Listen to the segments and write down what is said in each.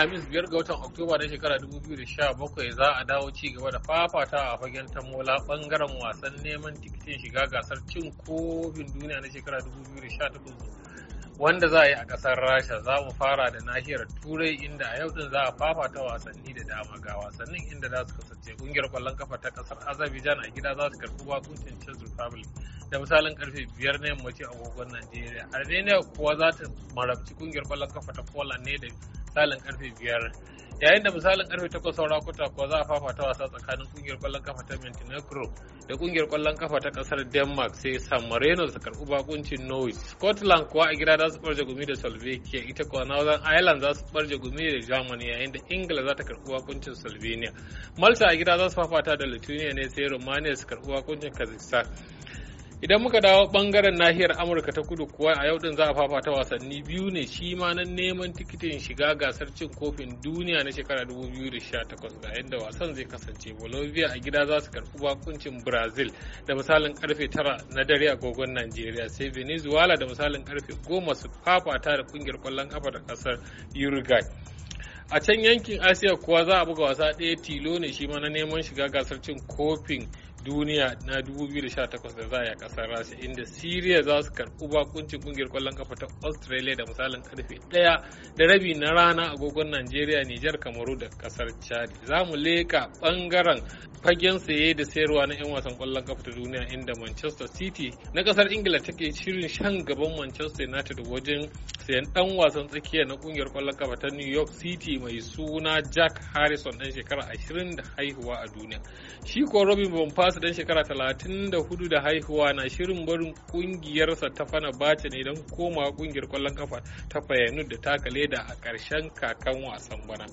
alhamis biyar ga watan oktoba na shekara 2017 za a dawo ci gaba da fafata a fagen tamola bangaren wasan neman tikitin shiga gasar cin kofin duniya na shekara 2018 wanda za a yi a kasar rasha za mu fara da nahiyar turai inda a yau din za a fafata wasanni da dama ga wasannin inda za su kasance kungiyar kwallon kafa ta kasar azerbaijan a gida za su karbi bakuncin czech republic da misalin karfe biyar na yammaci agogon najeriya armenia kuwa za ta marabci kungiyar kwallon kafa ta poland ne da misalin karfe biyar yayin da misalin karfe takwas saura kuta ko za a fafata wasa tsakanin kungiyar kwallon kafa ta montenegro da kungiyar kwallon kafa ta kasar denmark sai san marino su karbi bakuncin norway scotland kuwa a gida za su barje gumi da slovakia ita kuwa northern ireland za su barje gumi da germany yayin da ingila za ta karbi bakuncin slovenia malta a gida za su fafata da lithuania ne sai romania su karbi bakuncin kazakhstan idan muka dawo bangaren nahiyar amurka ta kudu kuwa a yau din za a fafata wasanni biyu ne shi ma na neman tikitin shiga gasar cin kofin duniya na shekara 2018 ga yadda wasan zai kasance bolivia a gida za su karbi bakuncin brazil da misalin karfe 9 na dare agogon nigeria sai venezuela da misalin karfe 10 su fafata da kungiyar kwallon kafa da kasar uruguay a can yankin asiya kuwa za a buga wasa ɗaya tilo ne shi ma na neman shiga gasar cin kofin duniya na 2018 da za a yi a kasar rasha inda syria za su karɓi bakuncin kungiyar kwallon kafa ta australia da misalin karfe 1 da rabi na rana agogon nigeria Niger, kamaru da kasar chad za mu leka bangaren fagen saye da sayarwa na 'yan wasan kwallon kafa ta duniya inda manchester city na kasar ingila take shirin shan gaban manchester united wajen sayan dan wasan tsakiya na kungiyar kwallon kafa ta new york city mai suna jack harrison dan shekara 20 da haihuwa a duniya shi ko robin bonfa Salisu dan shekara talatin da hudu da haihuwa na shirin barin kungiyarsa ta fana bace ne don koma kungiyar kwallon kafa ta Feyenoord da taka leda a karshen kakan wasan bana.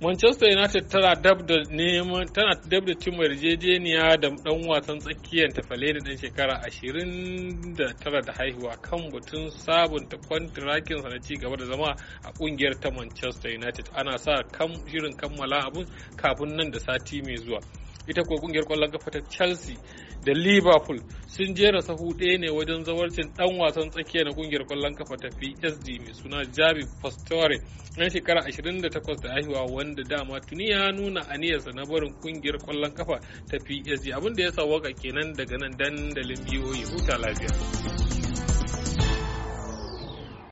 Manchester United tana dab da neman tana dab da cin yarjejeniya da dan wasan tsakiyar fale da dan shekara 29 da haihuwa kan batun sabunta kwantirakin sa na ci gaba da zama a kungiyar ta Manchester United ana sa kam shirin kammala abun kafin nan da sati mai zuwa. ita ko kungiyar kwallon kafa ta Chelsea da Liverpool sun jera sahu ɗaya ne wajen zawarcin dan wasan tsakiya na kungiyar kwallon kafa ta PSG mai suna Javi Pastore ɗan shekara 28 da haihuwa wanda dama tuni ya nuna aniyarsa na barin kungiyar kwallon kafa ta PSG abinda ya sa sawaka kenan daga nan dandalin biyoyi huta lafiya.